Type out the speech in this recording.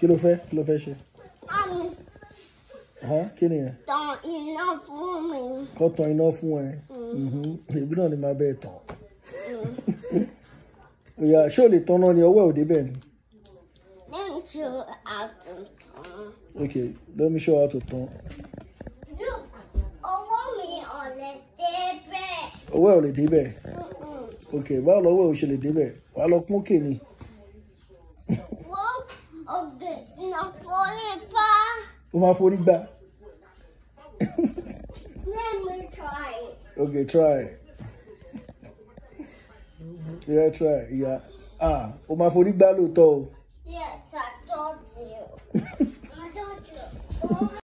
Qui le fait? Qui le fait ṣe. mami. Qui ni yẹn. tan iná fún mi. kó tan iná fún ẹ ẹbí mm. mm-hmm. náà ni máa bẹ tán. Mm. ìyá ṣé o lè tan náà ni ọwọ́ ẹ̀ ò débẹ̀ ni. let me show you how to tan. okay let me show you how to tan. look ọwọ́ mi ò lè débẹ̀. ọwọ́ ẹ̀ ò okay báwo lọ́wọ́ ẹ̀ ò ṣe lè débẹ̀ wàá lọ kún kè ọ̀gẹ̀ ìnàfọ́ lè bá. o máa forí gbá. let me try. okay try. yeah try yeah ah o máa forí gbá lóòótọ́ o.